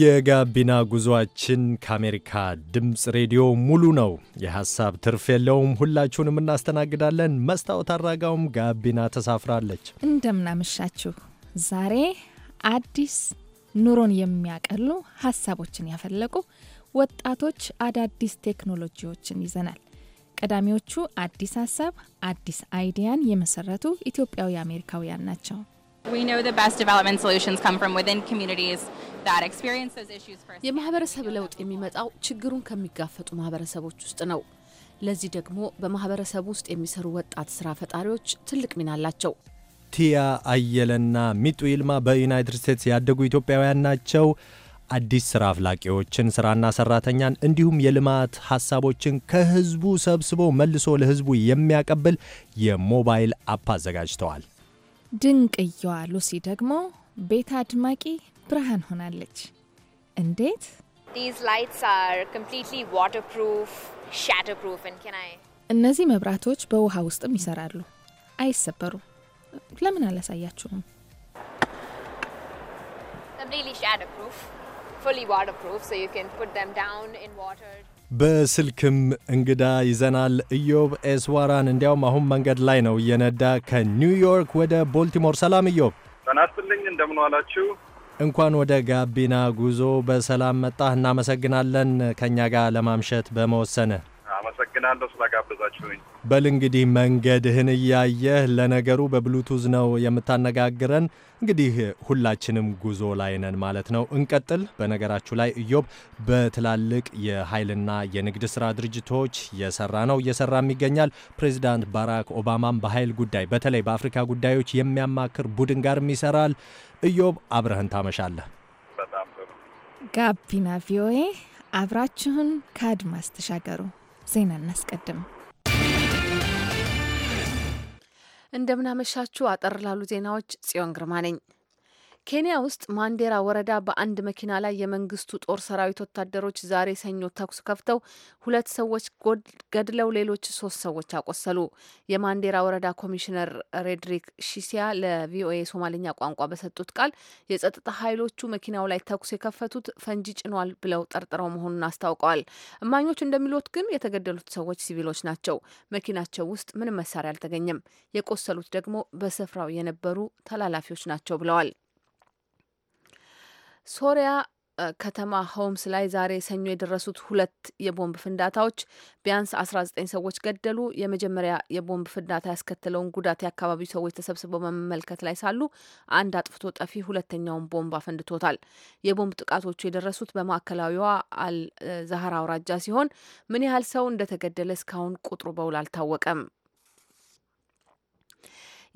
የጋቢና ጉዞአችን ከአሜሪካ ድምፅ ሬዲዮ ሙሉ ነው። የሐሳብ ትርፍ የለውም። ሁላችሁንም እናስተናግዳለን። መስታወት አራጋውም ጋቢና ተሳፍራለች። እንደምናመሻችሁ። ዛሬ አዲስ ኑሮን የሚያቀሉ ሐሳቦችን ያፈለቁ ወጣቶች አዳዲስ ቴክኖሎጂዎችን ይዘናል። ቀዳሚዎቹ አዲስ ሐሳብ፣ አዲስ አይዲያን የመሰረቱ ኢትዮጵያዊ አሜሪካውያን ናቸው። የማህበረሰብ ለውጥ የሚመጣው ችግሩን ከሚጋፈጡ ማህበረሰቦች ውስጥ ነው። ለዚህ ደግሞ በማህበረሰብ ውስጥ የሚሰሩ ወጣት ስራ ፈጣሪዎች ትልቅ ሚና አላቸው። ቲያ አየለና ሚጡ ይልማ በዩናይትድ ስቴትስ ያደጉ ኢትዮጵያውያን ናቸው። አዲስ ስራ አፍላቂዎችን፣ ስራና ሰራተኛን እንዲሁም የልማት ሀሳቦችን ከህዝቡ ሰብስቦ መልሶ ለህዝቡ የሚያቀብል የሞባይል አፕ አዘጋጅተዋል። ድንቅየዋ ሉሲ ደግሞ ቤት አድማቂ ብርሃን ሆናለች። እንዴት! እነዚህ መብራቶች በውሃ ውስጥም ይሰራሉ፣ አይሰበሩም። ለምን አላሳያችሁም? completely shatterproof, fully waterproof, so you can put them down in water. በስልክም እንግዳ ይዘናል። ኢዮብ ኤስዋራን እንዲያውም አሁን መንገድ ላይ ነው እየነዳ ከኒውዮርክ ወደ ቦልቲሞር። ሰላም ኢዮብ። ጤና እንደምን ዋላችሁ? እንኳን ወደ ጋቢና ጉዞ በሰላም መጣህ። እናመሰግናለን ከእኛ ጋር ለማምሸት በመወሰንህ። አመሰግናለሁ ስላጋበዛችሁኝ። በል እንግዲህ መንገድህን እያየህ ለነገሩ በብሉቱዝ ነው የምታነጋግረን። እንግዲህ ሁላችንም ጉዞ ላይ ነን ማለት ነው። እንቀጥል። በነገራችሁ ላይ እዮብ በትላልቅ የኃይልና የንግድ ስራ ድርጅቶች የሰራ ነው እየሰራም ይገኛል። ፕሬዚዳንት ባራክ ኦባማም በኃይል ጉዳይ በተለይ በአፍሪካ ጉዳዮች የሚያማክር ቡድን ጋርም ይሰራል። እዮብ አብረህን ታመሻለህ። ጋቢና ቪኦኤ አብራችሁን ከአድማስ ተሻገሩ። ዜና እናስቀድም። እንደምናመሻችሁ። አጠር ላሉ ዜናዎች ጽዮን ግርማ ነኝ። ኬንያ ውስጥ ማንዴራ ወረዳ በአንድ መኪና ላይ የመንግስቱ ጦር ሰራዊት ወታደሮች ዛሬ ሰኞ ተኩስ ከፍተው ሁለት ሰዎች ገድለው ሌሎች ሶስት ሰዎች አቆሰሉ። የማንዴራ ወረዳ ኮሚሽነር ሬድሪክ ሺሲያ ለቪኦኤ ሶማልኛ ቋንቋ በሰጡት ቃል የጸጥታ ኃይሎቹ መኪናው ላይ ተኩስ የከፈቱት ፈንጂ ጭኗል ብለው ጠርጥረው መሆኑን አስታውቀዋል። እማኞች እንደሚሉት ግን የተገደሉት ሰዎች ሲቪሎች ናቸው። መኪናቸው ውስጥ ምንም መሳሪያ አልተገኘም። የቆሰሉት ደግሞ በስፍራው የነበሩ ተላላፊዎች ናቸው ብለዋል። ሶሪያ ከተማ ሆምስ ላይ ዛሬ ሰኞ የደረሱት ሁለት የቦምብ ፍንዳታዎች ቢያንስ 19 ሰዎች ገደሉ። የመጀመሪያ የቦምብ ፍንዳታ ያስከተለውን ጉዳት የአካባቢው ሰዎች ተሰብስበው በመመልከት ላይ ሳሉ አንድ አጥፍቶ ጠፊ ሁለተኛውን ቦምብ አፈንድቶታል። የቦምብ ጥቃቶቹ የደረሱት በማዕከላዊዋ አልዛህራ አውራጃ ሲሆን ምን ያህል ሰው እንደተገደለ እስካሁን ቁጥሩ በውል አልታወቀም።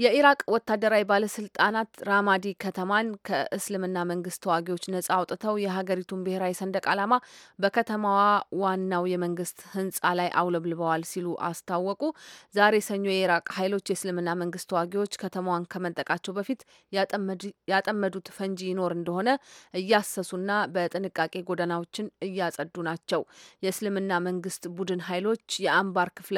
የኢራቅ ወታደራዊ ባለስልጣናት ራማዲ ከተማን ከእስልምና መንግስት ተዋጊዎች ነጻ አውጥተው የሀገሪቱን ብሔራዊ ሰንደቅ ዓላማ በከተማዋ ዋናው የመንግስት ህንጻ ላይ አውለብልበዋል ሲሉ አስታወቁ። ዛሬ ሰኞ የኢራቅ ኃይሎች የእስልምና መንግስት ተዋጊዎች ከተማዋን ከመንጠቃቸው በፊት ያጠመዱት ፈንጂ ይኖር እንደሆነ እያሰሱና በጥንቃቄ ጎዳናዎችን እያጸዱ ናቸው። የእስልምና መንግስት ቡድን ኃይሎች የአንባር ክፍለ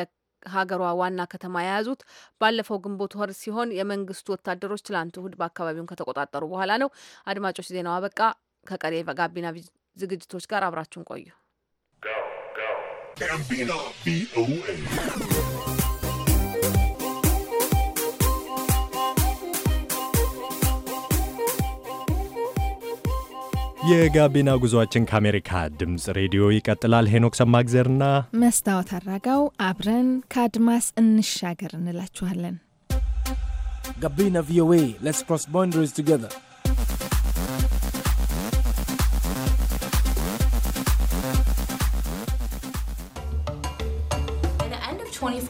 ሀገሯ ዋና ከተማ የያዙት ባለፈው ግንቦት ወር ሲሆን የመንግስቱ ወታደሮች ትላንት እሁድ በአካባቢውን ከተቆጣጠሩ በኋላ ነው። አድማጮች፣ ዜናው አበቃ። ከቀሪ ጋቢና ዝግጅቶች ጋር አብራችሁን ቆዩ። የጋቢና ጉዟችን ከአሜሪካ ድምፅ ሬዲዮ ይቀጥላል። ሄኖክ ሰማግዘርና መስታወት አራጋው አብረን ከአድማስ እንሻገር እንላችኋለን። ጋቢና ቪኦኤ ሌትስ ክሮስ ባውንደሪስ ቱጌዘር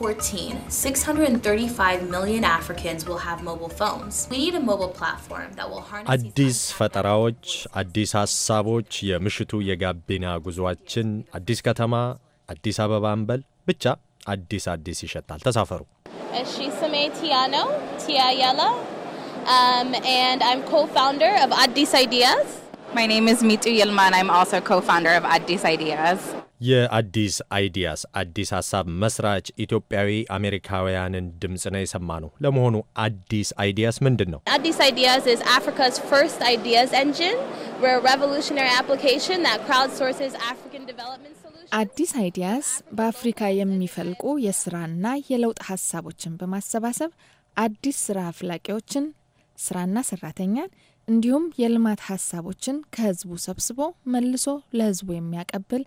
2014, 635 million Africans will have mobile phones. We need a mobile platform that will harness አዲስ ፈጠራዎች፣ አዲስ ሀሳቦች የምሽቱ የጋቢና ጉዟችን አዲስ ከተማ፣ አዲስ አበባን በል ብቻ አዲስ አዲስ ይሸታል። ተሳፈሩ። እሺ፣ ስሜ ቲያ ነው። ቲያ ያላ and I'm co-founder of Addis Ideas. My name is Mitu Yilman. I'm also co-founder of Addis Ideas. የአዲስ አይዲያስ አዲስ ሀሳብ መስራች ኢትዮጵያዊ አሜሪካውያንን ድምፅ ነው የሰማ ነው። ለመሆኑ አዲስ አይዲያስ ምንድን ነው? አዲስ አይዲያስ ኢዝ አፍሪካስ ፈርስት አይዲያስ ሬቮሉሽነሪ አፕሊኬሽን ዛት አፍሪካን ዲቨሎፕመንት አዲስ አይዲያስ በአፍሪካ የሚፈልቁ የስራና የለውጥ ሀሳቦችን በማሰባሰብ አዲስ ስራ አፍላቂዎችን፣ ስራና ሰራተኛን እንዲሁም የልማት ሀሳቦችን ከህዝቡ ሰብስቦ መልሶ ለህዝቡ የሚያቀብል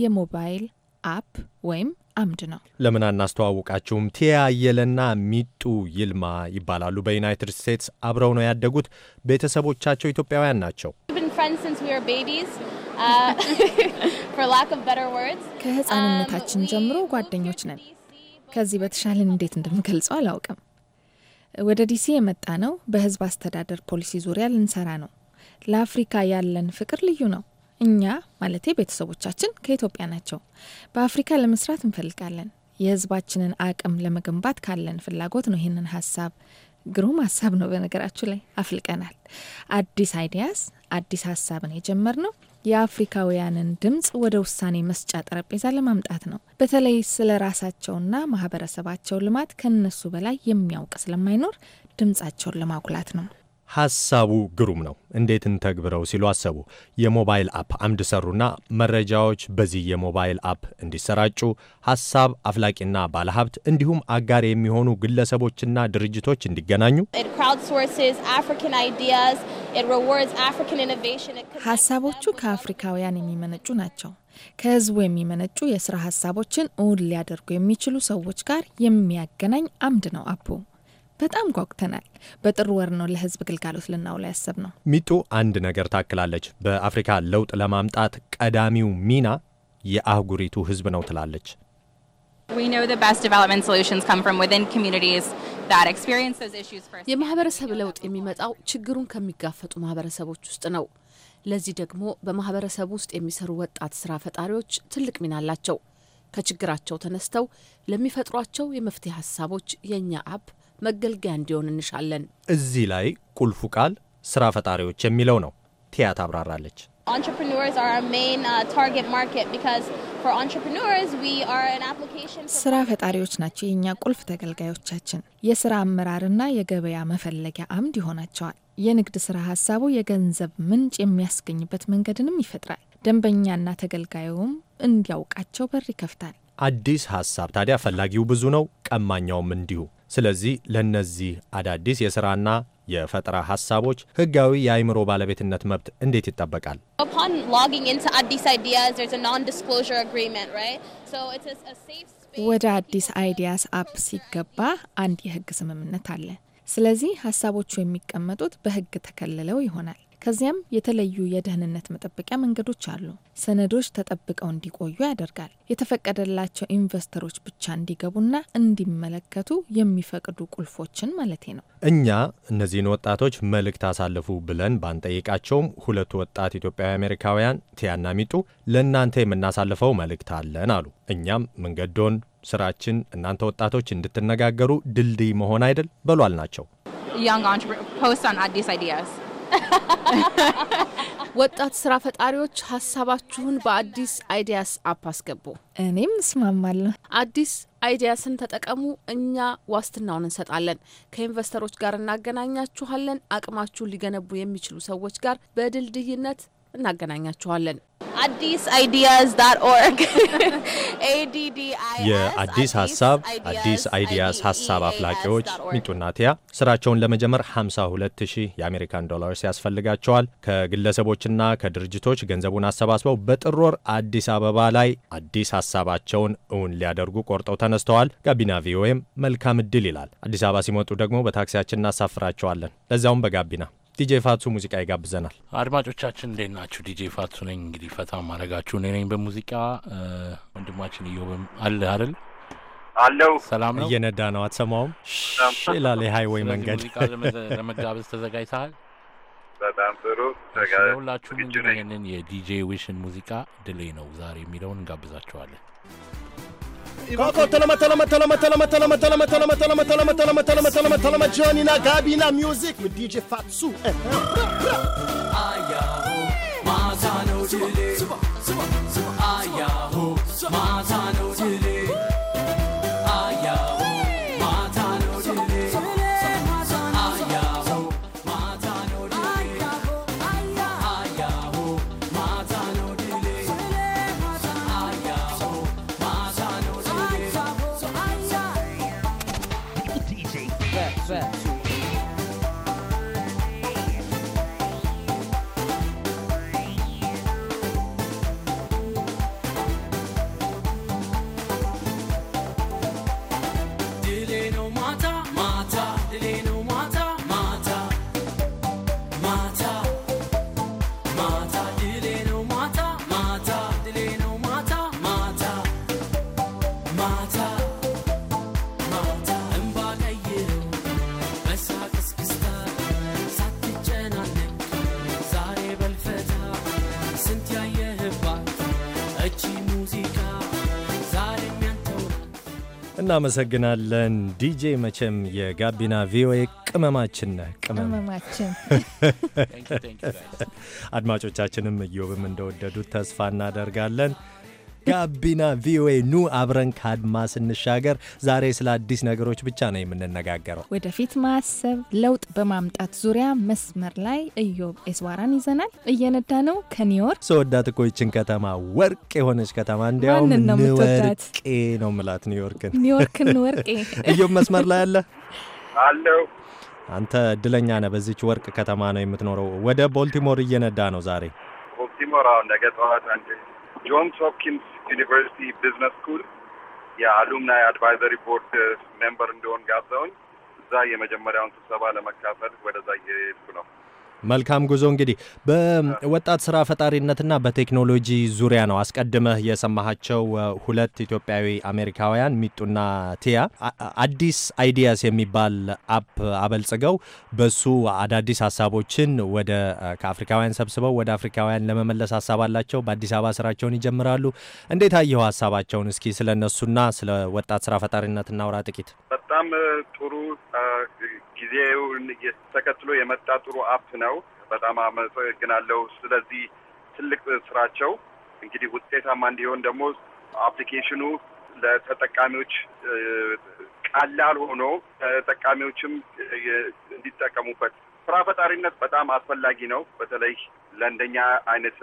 የሞባይል አፕ ወይም አምድ ነው። ለምን አናስተዋውቃችሁም? ቲያ አየለና ሚጡ ይልማ ይባላሉ። በዩናይትድ ስቴትስ አብረው ነው ያደጉት። ቤተሰቦቻቸው ኢትዮጵያውያን ናቸው። uh, ከህፃንነታችን um, ጀምሮ ጓደኞች ነን። ከዚህ በተሻለን እንዴት እንደምገልጸው አላውቅም። ወደ ዲሲ የመጣ ነው በህዝብ አስተዳደር ፖሊሲ ዙሪያ ልንሰራ ነው። ለአፍሪካ ያለን ፍቅር ልዩ ነው። እኛ ማለቴ ቤተሰቦቻችን ከኢትዮጵያ ናቸው። በአፍሪካ ለመስራት እንፈልጋለን። የህዝባችንን አቅም ለመገንባት ካለን ፍላጎት ነው። ይህንን ሀሳብ ግሩም ሀሳብ ነው። በነገራችሁ ላይ አፍልቀናል። አዲስ አይዲያስ አዲስ ሀሳብን የጀመር ነው። የአፍሪካውያንን ድምፅ ወደ ውሳኔ መስጫ ጠረጴዛ ለማምጣት ነው። በተለይ ስለ ራሳቸውና ማህበረሰባቸው ልማት ከነሱ በላይ የሚያውቅ ስለማይኖር ድምጻቸውን ለማጉላት ነው። ሐሳቡ ግሩም ነው፣ እንዴት እንተግብረው ሲሉ አሰቡ። የሞባይል አፕ አምድ ሰሩና መረጃዎች በዚህ የሞባይል አፕ እንዲሰራጩ ሐሳብ አፍላቂና ባለሀብት እንዲሁም አጋር የሚሆኑ ግለሰቦችና ድርጅቶች እንዲገናኙ ሐሳቦቹ ከአፍሪካውያን የሚመነጩ ናቸው። ከህዝቡ የሚመነጩ የስራ ሐሳቦችን እውን ሊያደርጉ የሚችሉ ሰዎች ጋር የሚያገናኝ አምድ ነው አፑ። በጣም ጓጉተናል። በጥር ወር ነው ለህዝብ ግልጋሎት ልናውላ ያሰብ ነው። ሚጡ አንድ ነገር ታክላለች። በአፍሪካ ለውጥ ለማምጣት ቀዳሚው ሚና የአህጉሪቱ ህዝብ ነው ትላለች። የማህበረሰብ ለውጥ የሚመጣው ችግሩን ከሚጋፈጡ ማህበረሰቦች ውስጥ ነው። ለዚህ ደግሞ በማህበረሰብ ውስጥ የሚሰሩ ወጣት ስራ ፈጣሪዎች ትልቅ ሚና አላቸው። ከችግራቸው ተነስተው ለሚፈጥሯቸው የመፍትሄ ሀሳቦች የእኛ አፕ መገልገያ እንዲሆን እንሻለን። እዚህ ላይ ቁልፉ ቃል ስራ ፈጣሪዎች የሚለው ነው። ቲያ ታብራራለች። uh, ስራ ፈጣሪዎች ናቸው የእኛ ቁልፍ ተገልጋዮቻችን። የስራ አመራርና የገበያ መፈለጊያ አምድ ይሆናቸዋል። የንግድ ስራ ሀሳቡ የገንዘብ ምንጭ የሚያስገኝበት መንገድንም ይፈጥራል። ደንበኛና ተገልጋዩም እንዲያውቃቸው በር ይከፍታል። አዲስ ሀሳብ ታዲያ ፈላጊው ብዙ ነው፣ ቀማኛውም እንዲሁ። ስለዚህ ለእነዚህ አዳዲስ የሥራና የፈጠራ ሀሳቦች ህጋዊ የአይምሮ ባለቤትነት መብት እንዴት ይጠበቃል? ወደ አዲስ አይዲያስ አፕ ሲገባ አንድ የህግ ስምምነት አለ። ስለዚህ ሀሳቦቹ የሚቀመጡት በህግ ተከልለው ይሆናል። ከዚያም የተለዩ የደህንነት መጠበቂያ መንገዶች አሉ። ሰነዶች ተጠብቀው እንዲቆዩ ያደርጋል። የተፈቀደላቸው ኢንቨስተሮች ብቻ እንዲገቡና እንዲመለከቱ የሚፈቅዱ ቁልፎችን ማለቴ ነው። እኛ እነዚህን ወጣቶች መልእክት አሳልፉ ብለን ባንጠይቃቸውም ሁለቱ ወጣት ኢትዮጵያዊ አሜሪካውያን ቲያና ሚጡ ለእናንተ የምናሳልፈው መልእክት አለን አሉ። እኛም መንገዶን ስራችን እናንተ ወጣቶች እንድትነጋገሩ ድልድይ መሆን አይደል በሏል ናቸው። ወጣት ስራ ፈጣሪዎች ሀሳባችሁን በአዲስ አይዲያስ አፕ አስገቡ። እኔም እስማማለሁ። አዲስ አይዲያስን ተጠቀሙ። እኛ ዋስትናውን እንሰጣለን። ከኢንቨስተሮች ጋር እናገናኛችኋለን። አቅማችሁን ሊገነቡ የሚችሉ ሰዎች ጋር በድልድይነት እናገናኛችኋለን። አዲስ የአዲስ ሀሳብ አዲስ አይዲያስ ሀሳብ አፍላቂዎች ሚጡና ቲያ ስራቸውን ለመጀመር 52 ሺህ የአሜሪካን ዶላርስ ያስፈልጋቸዋል። ከግለሰቦችና ከድርጅቶች ገንዘቡን አሰባስበው በጥር ወር አዲስ አበባ ላይ አዲስ ሀሳባቸውን እውን ሊያደርጉ ቆርጠው ተነስተዋል። ጋቢና ቪኦኤም መልካም እድል ይላል። አዲስ አበባ ሲመጡ ደግሞ በታክሲያችን እናሳፍራቸዋለን፣ ለዚያውም በጋቢና ዲጄ ፋቱ ሙዚቃ ይጋብዘናል። አድማጮቻችን እንዴት ናችሁ? ዲጄ ፋቱ ነኝ። እንግዲህ ፈታ ማድረጋችሁ እኔ ነኝ በሙዚቃ ወንድማችን እዮብም አለ አይደል? አለው ሰላም ነው። እየነዳ ነው አትሰማውም? ላላ ሃይወይ መንገድ ለመጋበዝ ተዘጋጅተሃል? በጣም ጥሩ ሁላችሁም። እንግዲህ ይህንን የዲጄ ዊሽን ሙዚቃ ድሌ ነው ዛሬ የሚለውን እንጋብዛችኋለን። Talama, toloma toloma toloma toloma toloma toloma toloma toloma toloma toloma toloma toloma johnny na gabi na music with dj fatsu ayaho mazano dile Aya. እናመሰግናለን ዲጄ። መቼም የጋቢና ቪኦኤ ቅመማችን ነህ፣ ቅመማችን። አድማጮቻችንም እዮብም እንደወደዱት ተስፋ እናደርጋለን። ጋቢና ቪኦኤ ኑ አብረን ካድማ ስንሻገር። ዛሬ ስለ አዲስ ነገሮች ብቻ ነው የምንነጋገረው። ወደፊት ማሰብ፣ ለውጥ በማምጣት ዙሪያ መስመር ላይ እዮብ ኤስዋራን ይዘናል። እየነዳ ነው ከኒውዮርክ ሰወዳት እኮ ይችን ከተማ ወርቅ የሆነች ከተማ እንዲያውም ንወርቄ ነው ምላት ኒውዮርክን ኒውዮርክን ወርቄ። እዮብ መስመር ላይ አለ አለው። አንተ እድለኛ ነህ፣ በዚች ወርቅ ከተማ ነው የምትኖረው። ወደ ቦልቲሞር እየነዳ ነው ዛሬ ቦልቲሞር አሁን ነገ ጠዋት ጆንስ ሆፕኪንስ ዩኒቨርሲቲ ቢዝነስ ስኩል የአሉምናይ አድቫይዘሪ ቦርድ ሜምበር እንደሆን ጋብዘውኝ እዛ የመጀመሪያውን ስብሰባ ለመካፈል ወደዛ እየሄድኩ ነው። መልካም ጉዞ። እንግዲህ በወጣት ስራ ፈጣሪነትና በቴክኖሎጂ ዙሪያ ነው አስቀድመህ የሰማሃቸው ሁለት ኢትዮጵያዊ አሜሪካውያን ሚጡና ቲያ አዲስ አይዲያስ የሚባል አፕ አበልጽገው በሱ አዳዲስ ሀሳቦችን ወደ ከአፍሪካውያን ሰብስበው ወደ አፍሪካውያን ለመመለስ ሀሳብ አላቸው። በአዲስ አበባ ስራቸውን ይጀምራሉ። እንዴት አየው ሀሳባቸውን? እስኪ ስለ እነሱና ስለ ወጣት ስራ ፈጣሪነት እናውራ ጥቂት። በጣም ጥሩ ጊዜውን ተከትሎ የመጣ ጥሩ አፕ ነው። በጣም አመሰግናለሁ። ስለዚህ ትልቅ ስራቸው እንግዲህ ውጤታማ እንዲሆን ደግሞ አፕሊኬሽኑ ለተጠቃሚዎች ቀላል ሆኖ ተጠቃሚዎችም እንዲጠቀሙበት ስራ ፈጣሪነት በጣም አስፈላጊ ነው። በተለይ ለእንደኛ አይነት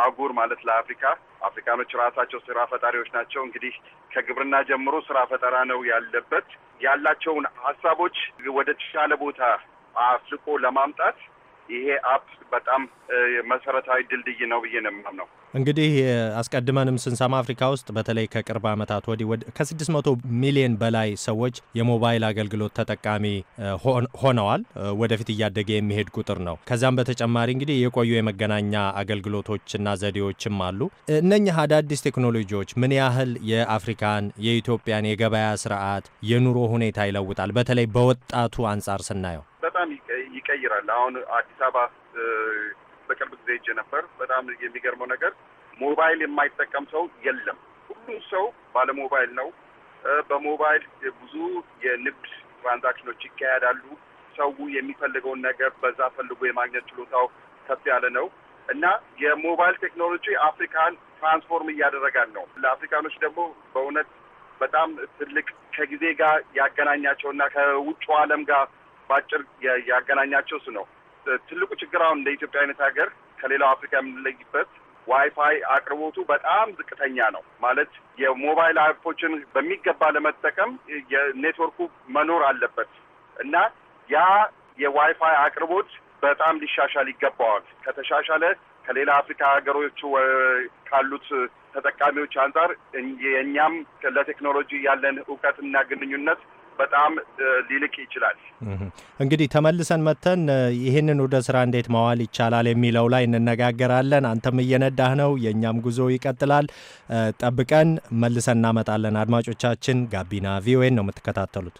አህጉር ማለት ለአፍሪካ አፍሪካኖች ራሳቸው ስራ ፈጣሪዎች ናቸው። እንግዲህ ከግብርና ጀምሮ ስራ ፈጠራ ነው ያለበት። ያላቸውን ሀሳቦች ወደ ተሻለ ቦታ አፍልቆ ለማምጣት ይሄ አፕ በጣም መሰረታዊ ድልድይ ነው ብዬ ነው የማምነው። እንግዲህ አስቀድመንም ስንሰማ አፍሪካ ውስጥ በተለይ ከቅርብ ዓመታት ወዲህ ከ600 ሚሊዮን በላይ ሰዎች የሞባይል አገልግሎት ተጠቃሚ ሆነዋል። ወደፊት እያደገ የሚሄድ ቁጥር ነው። ከዚያም በተጨማሪ እንግዲህ የቆዩ የመገናኛ አገልግሎቶችና ዘዴዎችም አሉ። እነኚህ አዳዲስ ቴክኖሎጂዎች ምን ያህል የአፍሪካን የኢትዮጵያን የገበያ ስርዓት የኑሮ ሁኔታ ይለውጣል? በተለይ በወጣቱ አንጻር ስናየው በጣም ይቀይራል። አሁን አዲስ አበባ በቅርብ ጊዜ ሄጄ ነበር። በጣም የሚገርመው ነገር ሞባይል የማይጠቀም ሰው የለም። ሁሉ ሰው ባለ ሞባይል ነው። በሞባይል ብዙ የንግድ ትራንዛክሽኖች ይካሄዳሉ። ሰው የሚፈልገውን ነገር በዛ ፈልጎ የማግኘት ችሎታው ከፍ ያለ ነው እና የሞባይል ቴክኖሎጂ አፍሪካን ትራንስፎርም እያደረጋል ነው። ለአፍሪካኖች ደግሞ በእውነት በጣም ትልቅ ከጊዜ ጋር ያገናኛቸው እና ከውጭ ዓለም ጋር በአጭር ያገናኛቸው እሱ ነው። ትልቁ ችግር አሁን እንደ ኢትዮጵያ አይነት ሀገር ከሌላው አፍሪካ የምንለይበት ዋይፋይ አቅርቦቱ በጣም ዝቅተኛ ነው። ማለት የሞባይል አፖችን በሚገባ ለመጠቀም የኔትወርኩ መኖር አለበት እና ያ የዋይፋይ አቅርቦት በጣም ሊሻሻል ይገባዋል። ከተሻሻለ ከሌላ አፍሪካ ሀገሮች ካሉት ተጠቃሚዎች አንጻር የእኛም ለቴክኖሎጂ ያለን እውቀትና ግንኙነት በጣም ሊልቅ ይችላል። እንግዲህ ተመልሰን መተን ይህንን ወደ ስራ እንዴት ማዋል ይቻላል የሚለው ላይ እንነጋገራለን። አንተም እየነዳህ ነው፣ የእኛም ጉዞ ይቀጥላል። ጠብቀን መልሰን እናመጣለን። አድማጮቻችን፣ ጋቢና ቪኦኤን ነው የምትከታተሉት።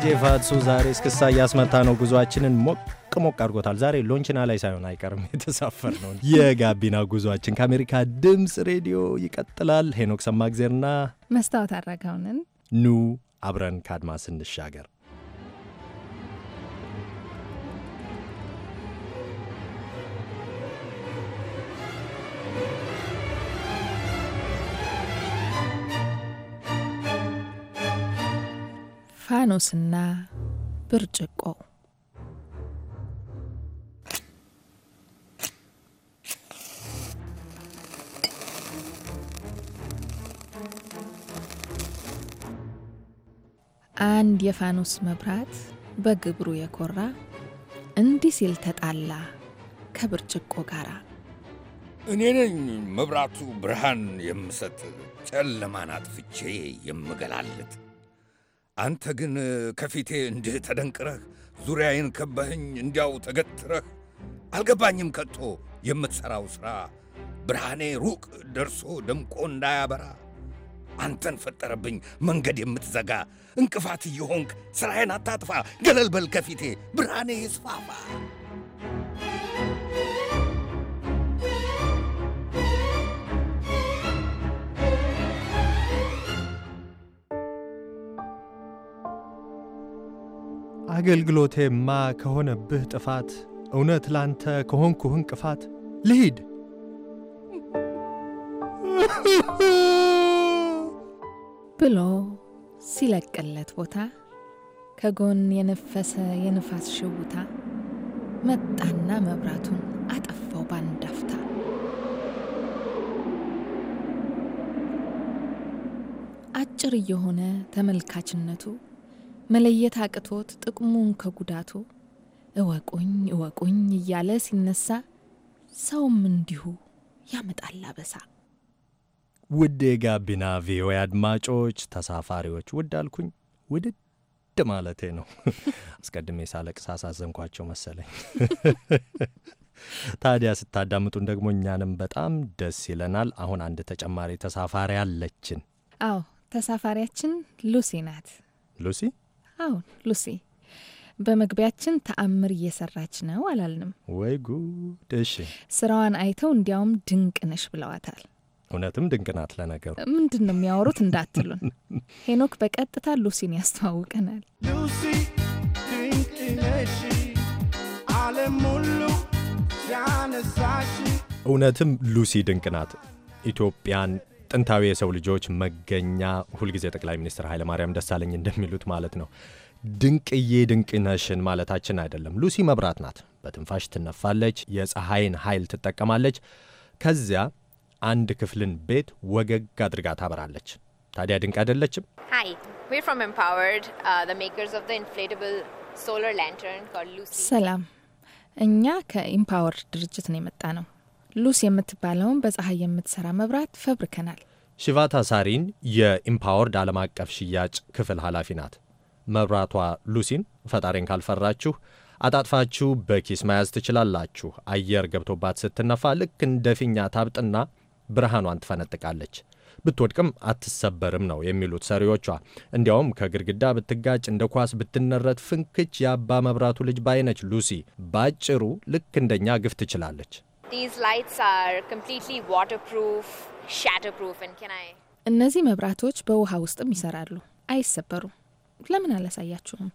ዲጄ ፋትሱ ዛሬ እስክስታ እያስመታ ነው ጉዟችንን ሞቅ ሞቅ አድርጎታል። ዛሬ ሎንችና ላይ ሳይሆን አይቀርም የተሳፈር ነው። የጋቢና ጉዟችን ከአሜሪካ ድምፅ ሬዲዮ ይቀጥላል። ሄኖክ ሰማግዜርና መስታወት አረጋውንን ኑ አብረን ከአድማስ እንሻገር። ፋኖስና ብርጭቆ አንድ የፋኖስ መብራት በግብሩ የኮራ እንዲህ ሲል ተጣላ ከብርጭቆ ጋር። እኔ ነኝ መብራቱ ብርሃን የምሰጥ ጨለማን አጥፍቼ የምገላልጥ። አንተ ግን ከፊቴ እንዲህ ተደንቅረህ ዙሪያዬን ከበህኝ እንዲያው ተገትረህ አልገባኝም ከቶ የምትሠራው ሥራ ብርሃኔ ሩቅ ደርሶ ደምቆ እንዳያበራ አንተን ፈጠረብኝ መንገድ የምትዘጋ እንቅፋት እየሆንክ ስራዬን አታጥፋ። ገለል በል ከፊቴ ብርሃኔ ይስፋፋ። አገልግሎቴማ ከሆነብህ ጥፋት እውነት ላንተ ከሆንኩህ እንቅፋት ልሂድ ብሎ ሲለቅለት ቦታ ከጎን የነፈሰ የንፋስ ሽውታ መጣና መብራቱን አጠፋው ባንዳፍታ። አፍታ። አጭር እየሆነ ተመልካችነቱ መለየት አቅቶት ጥቅሙን ከጉዳቱ እወቁኝ እወቁኝ እያለ ሲነሳ ሰውም እንዲሁ ያመጣል አበሳ። ውድ የጋቢና ቪኦኤ አድማጮች፣ ተሳፋሪዎች፣ ውድ አልኩኝ ውድድ ማለቴ ነው። አስቀድሜ ሳለቅስ ሳሳዘንኳቸው መሰለኝ። ታዲያ ስታዳምጡን ደግሞ እኛንም በጣም ደስ ይለናል። አሁን አንድ ተጨማሪ ተሳፋሪ አለችን። አዎ ተሳፋሪያችን ሉሲ ናት። ሉሲ አዎ ሉሲ በመግቢያችን ተአምር እየሰራች ነው አላልንም ወይ? ጉድ! እሺ ስራዋን አይተው እንዲያውም ድንቅ ነሽ ብለዋታል። እውነትም ድንቅ ናት። ለነገሩ ምንድን ነው የሚያወሩት እንዳትሉን፣ ሄኖክ በቀጥታ ሉሲን ያስተዋውቀናል። ሉሲ ድንቅ ነሽ፣ ዓለም ሁሉ ያነሳሽ። እውነትም ሉሲ ድንቅ ናት። ኢትዮጵያን ጥንታዊ የሰው ልጆች መገኛ፣ ሁልጊዜ ጠቅላይ ሚኒስትር ኃይለማርያም ደሳለኝ እንደሚሉት ማለት ነው። ድንቅዬ ድንቅ ነሽን ማለታችን አይደለም። ሉሲ መብራት ናት። በትንፋሽ ትነፋለች፣ የፀሐይን ኃይል ትጠቀማለች። ከዚያ አንድ ክፍልን ቤት ወገግ አድርጋ ታበራለች። ታዲያ ድንቅ አይደለችም? Uh, ሰላም፣ እኛ ከኢምፓወርድ ድርጅት ነው የመጣ ነው። ሉስ የምትባለውን በፀሐይ የምትሰራ መብራት ፈብርከናል። ሽቫታ ሳሪን የኢምፓወርድ ዓለም አቀፍ ሽያጭ ክፍል ኃላፊ ናት። መብራቷ ሉሲን ፈጣሪን ካልፈራችሁ አጣጥፋችሁ በኪስ መያዝ ትችላላችሁ፣ አየር ገብቶባት ስትነፋ ልክ እንደ ፊኛ ታብጥና ብርሃኗን ትፈነጥቃለች። ብትወድቅም አትሰበርም ነው የሚሉት ሰሪዎቿ። እንዲያውም ከግድግዳ ብትጋጭ፣ እንደ ኳስ ብትነረት ፍንክች የአባ መብራቱ ልጅ ባይነች ሉሲ ባጭሩ ልክ እንደኛ ግፍ ትችላለች። እነዚህ መብራቶች በውሃ ውስጥም ይሰራሉ፣ አይሰበሩም። ለምን አላሳያችሁም?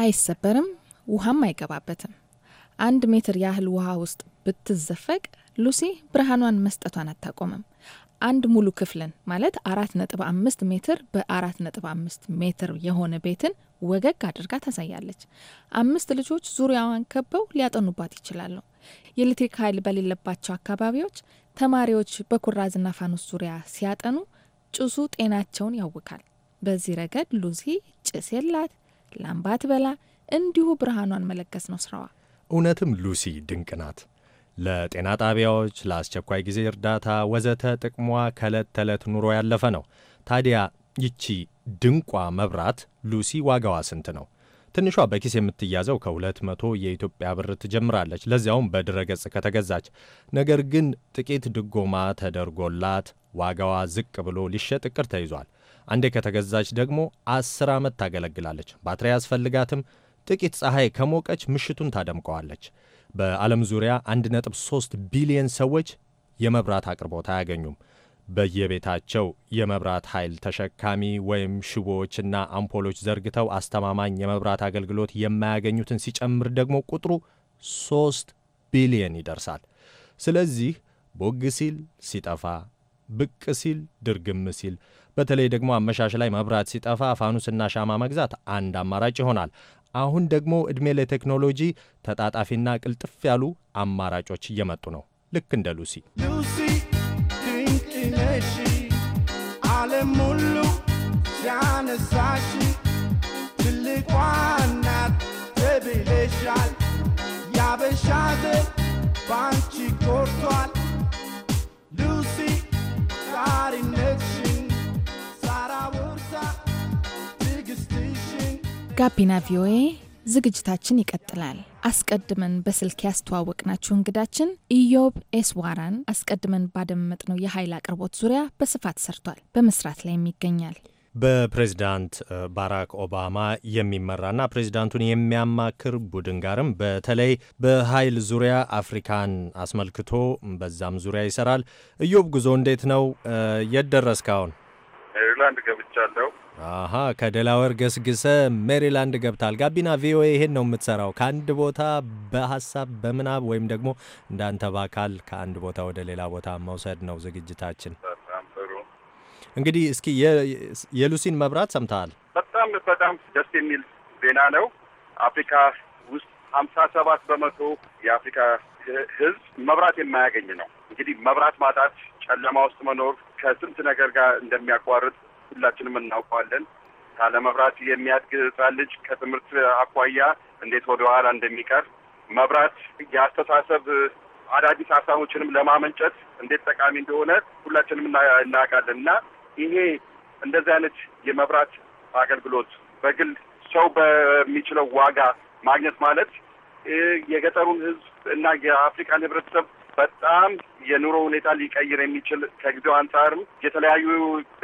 አይሰበርም፣ ውሃም አይገባበትም። አንድ ሜትር ያህል ውሃ ውስጥ ብትዘፈቅ ሉሲ ብርሃኗን መስጠቷን አታቆምም። አንድ ሙሉ ክፍልን ማለት አራት ነጥብ አምስት ሜትር በአራት ነጥብ አምስት ሜትር የሆነ ቤትን ወገግ አድርጋ ታሳያለች። አምስት ልጆች ዙሪያዋን ከበው ሊያጠኑባት ይችላሉ። የኤሌክትሪክ ኃይል በሌለባቸው አካባቢዎች ተማሪዎች በኩራዝና ፋኖስ ዙሪያ ሲያጠኑ ጭሱ ጤናቸውን ያውካል። በዚህ ረገድ ሉሲ ጭስ የላት፣ ላምባት በላ እንዲሁ ብርሃኗን መለገስ ነው ስራዋ። እውነትም ሉሲ ድንቅ ናት። ለጤና ጣቢያዎች፣ ለአስቸኳይ ጊዜ እርዳታ ወዘተ ጥቅሟ ከዕለት ተዕለት ኑሮ ያለፈ ነው። ታዲያ ይቺ ድንቋ መብራት ሉሲ ዋጋዋ ስንት ነው? ትንሿ በኪስ የምትያዘው ከሁለት መቶ የኢትዮጵያ ብር ትጀምራለች። ለዚያውም በድረገጽ ከተገዛች። ነገር ግን ጥቂት ድጎማ ተደርጎላት ዋጋዋ ዝቅ ብሎ ሊሸጥ እቅድ ተይዟል። አንዴ ከተገዛች ደግሞ አስር ዓመት ታገለግላለች። ባትሪ ያስፈልጋትም። ጥቂት ፀሐይ ከሞቀች ምሽቱን ታደምቀዋለች። በዓለም ዙሪያ 1.3 ቢሊየን ሰዎች የመብራት አቅርቦት አያገኙም። በየቤታቸው የመብራት ኃይል ተሸካሚ ወይም ሽቦዎችና አምፖሎች ዘርግተው አስተማማኝ የመብራት አገልግሎት የማያገኙትን ሲጨምር ደግሞ ቁጥሩ 3 ቢሊየን ይደርሳል። ስለዚህ ቦግ ሲል ሲጠፋ፣ ብቅ ሲል፣ ድርግም ሲል በተለይ ደግሞ አመሻሽ ላይ መብራት ሲጠፋ ፋኑስና ሻማ መግዛት አንድ አማራጭ ይሆናል። አሁን ደግሞ ዕድሜ ለቴክኖሎጂ ተጣጣፊና ቅልጥፍ ያሉ አማራጮች እየመጡ ነው። ልክ እንደ ሉሲ ጋቢና ቪኦኤ ዝግጅታችን ይቀጥላል። አስቀድመን በስልክ ያስተዋወቅናችሁ እንግዳችን ኢዮብ ኤስዋራን አስቀድመን ባደመጥነው የኃይል አቅርቦት ዙሪያ በስፋት ሰርቷል፣ በመስራት ላይም ይገኛል። በፕሬዚዳንት ባራክ ኦባማ የሚመራና ፕሬዚዳንቱን የሚያማክር ቡድን ጋርም በተለይ በኃይል ዙሪያ አፍሪካን አስመልክቶ በዛም ዙሪያ ይሰራል። እዮብ ጉዞ እንዴት ነው? የት ደረስክ? አሁን ገብቻለሁ። አሀ ከደላወር ገስግሰ ሜሪላንድ ገብታል። ጋቢና ቪኦኤ ይሄን ነው የምትሰራው። ከአንድ ቦታ በሀሳብ በምናብ ወይም ደግሞ እንዳንተ ባካል ከአንድ ቦታ ወደ ሌላ ቦታ መውሰድ ነው ዝግጅታችን። እንግዲህ እስኪ የሉሲን መብራት ሰምተሃል? በጣም በጣም ደስ የሚል ዜና ነው። አፍሪካ ውስጥ ሀምሳ ሰባት በመቶ የአፍሪካ ህዝብ መብራት የማያገኝ ነው። እንግዲህ መብራት ማጣት ጨለማ ውስጥ መኖር ከስንት ነገር ጋር እንደሚያቋርጥ ሁላችንም እናውቀዋለን። ካለመብራት የሚያድግ ልጅ ከትምህርት አኳያ እንዴት ወደ ኋላ እንደሚቀር መብራት የአስተሳሰብ አዳዲስ ሀሳቦችንም ለማመንጨት እንዴት ጠቃሚ እንደሆነ ሁላችንም እናውቃለን እና ይሄ እንደዚህ አይነት የመብራት አገልግሎት በግል ሰው በሚችለው ዋጋ ማግኘት ማለት የገጠሩን ህዝብ እና የአፍሪካን ህብረተሰብ በጣም የኑሮ ሁኔታ ሊቀይር የሚችል ከጊዜው አንጻርም የተለያዩ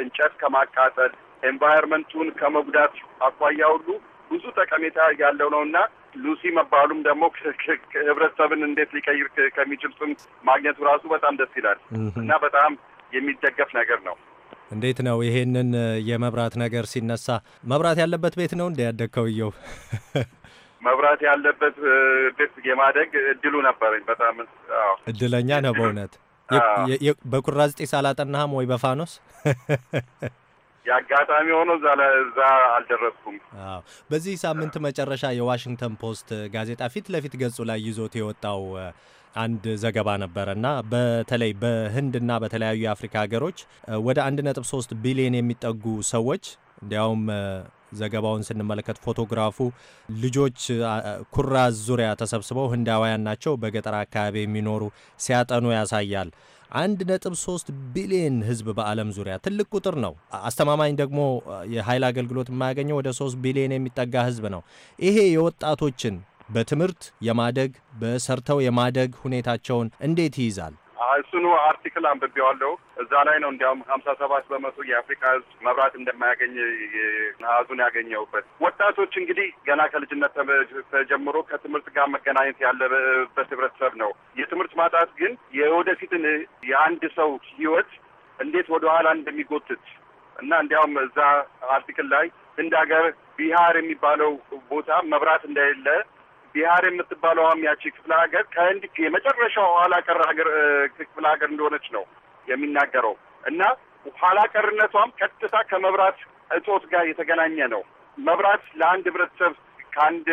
እንጨት ከማቃጠል ኤንቫይሮንመንቱን ከመጉዳት አኳያ ሁሉ ብዙ ጠቀሜታ ያለው ነው እና ሉሲ መባሉም ደግሞ ህብረተሰብን እንዴት ሊቀይር ከሚችል ስም ማግኘቱ ራሱ በጣም ደስ ይላል እና በጣም የሚደገፍ ነገር ነው። እንዴት ነው ይሄንን የመብራት ነገር ሲነሳ መብራት ያለበት ቤት ነው እንደ እየው መብራት ያለበት ቤት የማደግ እድሉ ነበረኝ። በጣም እድለኛ ነው በእውነት በቁራዝ ጢስ አላጠናህም ወይ በፋኖስ? የአጋጣሚ ሆኖ እዛ አልደረስኩም። በዚህ ሳምንት መጨረሻ የዋሽንግተን ፖስት ጋዜጣ ፊት ለፊት ገጹ ላይ ይዞት የወጣው አንድ ዘገባ ነበረ እና በተለይ በህንድና በተለያዩ የአፍሪካ ሀገሮች ወደ ሶስት ቢሊዮን የሚጠጉ ሰዎች እንዲያውም ዘገባውን ስንመለከት ፎቶግራፉ ልጆች ኩራዝ ዙሪያ ተሰብስበው ህንዳውያን ናቸው፣ በገጠር አካባቢ የሚኖሩ ሲያጠኑ ያሳያል። አንድ ነጥብ ሶስት ቢሊየን ህዝብ በዓለም ዙሪያ ትልቅ ቁጥር ነው። አስተማማኝ ደግሞ የኃይል አገልግሎት የማያገኘው ወደ ሶስት ቢሊየን የሚጠጋ ህዝብ ነው። ይሄ የወጣቶችን በትምህርት የማደግ በሰርተው የማደግ ሁኔታቸውን እንዴት ይይዛል? እሱኑ አርቲክል አንብቤዋለሁ። እዛ ላይ ነው እንዲያውም ሀምሳ ሰባት በመቶ የአፍሪካ ህዝብ መብራት እንደማያገኝ ሀዙን ያገኘውበት ወጣቶች እንግዲህ ገና ከልጅነት ተጀምሮ ከትምህርት ጋር መገናኘት ያለበት ህብረተሰብ ነው። የትምህርት ማጣት ግን የወደፊትን የአንድ ሰው ህይወት እንዴት ወደኋላ እንደሚጎትት እና እንዲያውም እዛ አርቲክል ላይ እንደ ሀገር ቢሃር የሚባለው ቦታ መብራት እንደሌለ ቢሃር የምትባለው አሚያቺ ክፍለ ሀገር ከህንድ የመጨረሻው ኋላ ቀር ሀገር ክፍለ ሀገር እንደሆነች ነው የሚናገረው እና ኋላ ቀርነቷም ቀጥታ ከመብራት እጦት ጋር የተገናኘ ነው። መብራት ለአንድ ህብረተሰብ ከአንድ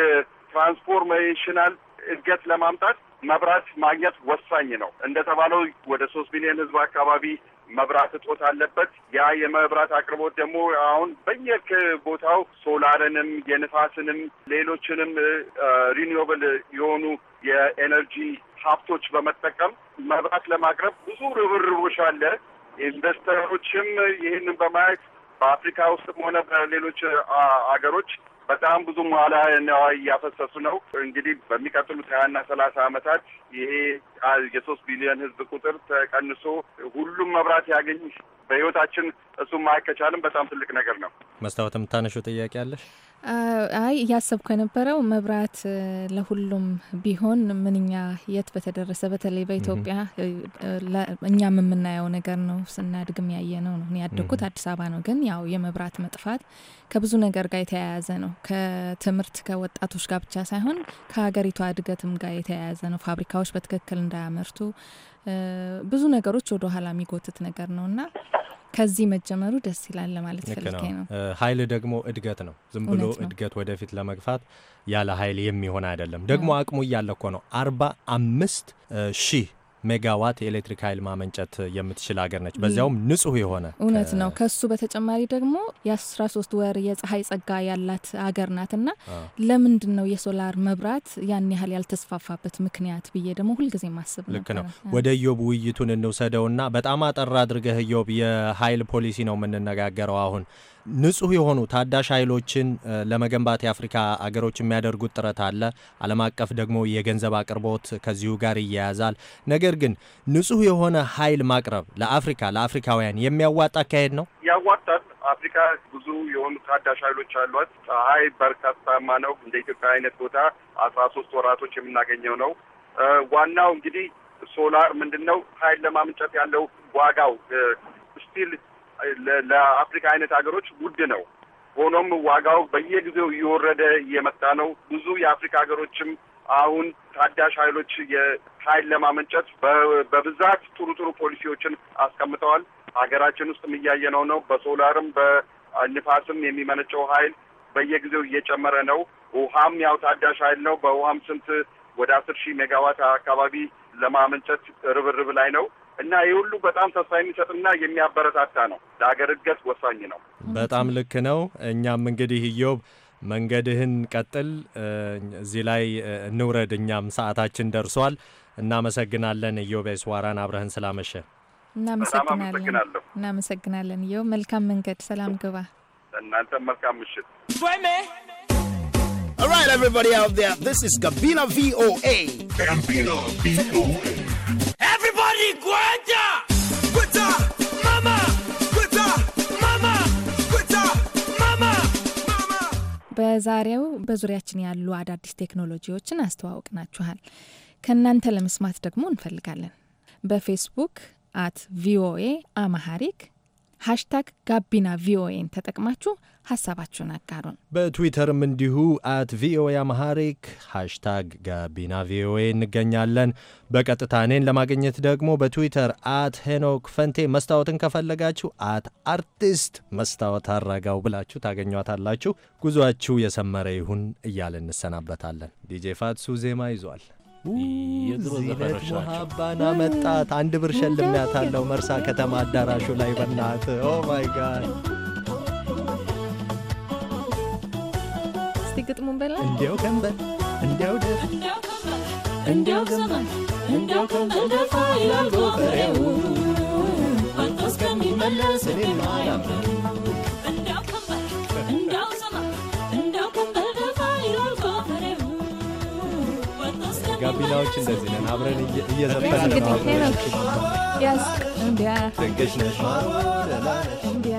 ትራንስፎርሜሽናል እድገት ለማምጣት መብራት ማግኘት ወሳኝ ነው። እንደተባለው ወደ ሶስት ሚሊዮን ህዝብ አካባቢ መብራት እጦት አለበት። ያ የመብራት አቅርቦት ደግሞ አሁን በየክ ቦታው ሶላርንም የንፋስንም ሌሎችንም ሪኒዌብል የሆኑ የኤነርጂ ሀብቶች በመጠቀም መብራት ለማቅረብ ብዙ ርብርቦች አለ። ኢንቨስተሮችም ይህንን በማየት በአፍሪካ ውስጥም ሆነ በሌሎች አገሮች በጣም ብዙ መዋለ ንዋይ እያፈሰሱ ነው። እንግዲህ በሚቀጥሉት ሀያና ሰላሳ ዓመታት ይሄ የሶስት ቢሊዮን ህዝብ ቁጥር ተቀንሶ ሁሉም መብራት ያገኝ በህይወታችን እሱም ማይከቻልም በጣም ትልቅ ነገር ነው። መስታወት የምታነሹ ጥያቄ አለሽ? አይ እያሰብኩ የነበረው መብራት ለሁሉም ቢሆን ምንኛ የት በተደረሰ። በተለይ በኢትዮጵያ እኛም የምናየው ነገር ነው፣ ስናድግም ያየ ነው ነው። ያደግኩት አዲስ አበባ ነው፣ ግን ያው የመብራት መጥፋት ከብዙ ነገር ጋር የተያያዘ ነው። ከትምህርት ከወጣቶች ጋር ብቻ ሳይሆን ከሀገሪቷ እድገትም ጋር የተያያዘ ነው። ፋብሪካዎች በትክክል እንዳያመርቱ ብዙ ነገሮች ወደ ኋላ የሚጎትት ነገር ነው እና ከዚህ መጀመሩ ደስ ይላል ለማለት ፈልጌ ነው። ኃይል ደግሞ እድገት ነው። ዝም ብሎ እድገት ወደፊት ለመግፋት ያለ ኃይል የሚሆን አይደለም። ደግሞ አቅሙ እያለ እኮ ነው አርባ አምስት ሺህ ሜጋዋት የኤሌክትሪክ ኃይል ማመንጨት የምትችል ሀገር ነች። በዚያውም ንጹህ የሆነ እውነት ነው። ከሱ በተጨማሪ ደግሞ የ13 ወር የፀሐይ ጸጋ ያላት ሀገር ናት እና ለምንድን ነው የሶላር መብራት ያን ያህል ያልተስፋፋበት ምክንያት ብዬ ደግሞ ሁልጊዜ ማስብ ልክ ነው። ወደ ኢዮብ ውይይቱን እንውሰደውና በጣም አጠር አድርገህ ኢዮብ፣ የኃይል ፖሊሲ ነው የምንነጋገረው አሁን ንጹህ የሆኑ ታዳሽ ኃይሎችን ለመገንባት የአፍሪካ አገሮች የሚያደርጉት ጥረት አለ። ዓለም አቀፍ ደግሞ የገንዘብ አቅርቦት ከዚሁ ጋር ይያያዛል። ነገር ግን ንጹህ የሆነ ኃይል ማቅረብ ለአፍሪካ ለአፍሪካውያን የሚያዋጣ አካሄድ ነው ያዋጣል። አፍሪካ ብዙ የሆኑ ታዳሽ ኃይሎች አሏት። ፀሐይ በርካታማ ነው። እንደ ኢትዮጵያ አይነት ቦታ አስራ ሶስት ወራቶች የምናገኘው ነው። ዋናው እንግዲህ ሶላር ምንድን ነው ኃይል ለማመንጨት ያለው ዋጋው ስቲል ለአፍሪካ አይነት ሀገሮች ውድ ነው። ሆኖም ዋጋው በየጊዜው እየወረደ እየመጣ ነው። ብዙ የአፍሪካ ሀገሮችም አሁን ታዳሽ ኃይሎች የኃይል ለማመንጨት በብዛት ጥሩ ጥሩ ፖሊሲዎችን አስቀምጠዋል። ሀገራችን ውስጥም እያየነው ነው። በሶላርም በንፋስም የሚመነጨው ኃይል በየጊዜው እየጨመረ ነው። ውሃም ያው ታዳሽ ኃይል ነው። በውሃም ስንት ወደ አስር ሺህ ሜጋዋት አካባቢ ለማመንጨት ርብርብ ላይ ነው። እና ይህ ሁሉ በጣም ተስፋ የሚሰጥና የሚያበረታታ ነው። ለሀገር እድገት ወሳኝ ነው። በጣም ልክ ነው። እኛም እንግዲህ እዮብ መንገድህን ቀጥል፣ እዚህ ላይ እንውረድ። እኛም ሰዓታችን ደርሷል። እናመሰግናለን። እዮብ ስዋራን አብረህን ስላመሸ እናመሰግናለሁ። እናመሰግናለን ኢዮብ። መልካም መንገድ፣ ሰላም ግባ። እናንተም መልካም ምሽት። All right, everybody out there, this is Gabina VOA. Gabina VOA. በዛሬው በዙሪያችን ያሉ አዳዲስ ቴክኖሎጂዎችን አስተዋውቅናችኋል። ከእናንተ ለመስማት ደግሞ እንፈልጋለን። በፌስቡክ አት ቪኦኤ አማሃሪክ ሃሽታግ ጋቢና ቪኦኤን ተጠቅማችሁ ሀሳባችሁን አጋሩን። በትዊተርም እንዲሁ አት ቪኦኤ አማሐሪክ ሃሽታግ ጋቢና ቪኦኤ እንገኛለን። በቀጥታ እኔን ለማግኘት ደግሞ በትዊተር አት ሄኖክ ፈንቴ፣ መስታወትን ከፈለጋችሁ አት አርቲስት መስታወት አረጋው ብላችሁ ታገኟታላችሁ። ጉዟችሁ የሰመረ ይሁን እያለ እንሰናበታለን። ዲጄ ፋትሱ ዜማ ይዟል። ዚነት ሙሀባና መጣት አንድ ብር ሸልሚያታለው መርሳ ከተማ አዳራሹ ላይ በናት ኦ ማይ ጋድ እስቲ ግጥሙን በላ እንዲያው ከንበር እንዲያው ድር እንዲያው ዘመን እንዲያው ከንበር ደፋ ይላል ጎፈሬው አንተ እስከሚመለስ እኔም አላምር ጋቢናዎች እንደዚህ ነን አብረን እየዘፈን ነው። ያስ እንዲያ ደገሽ ነሽ እንዲያ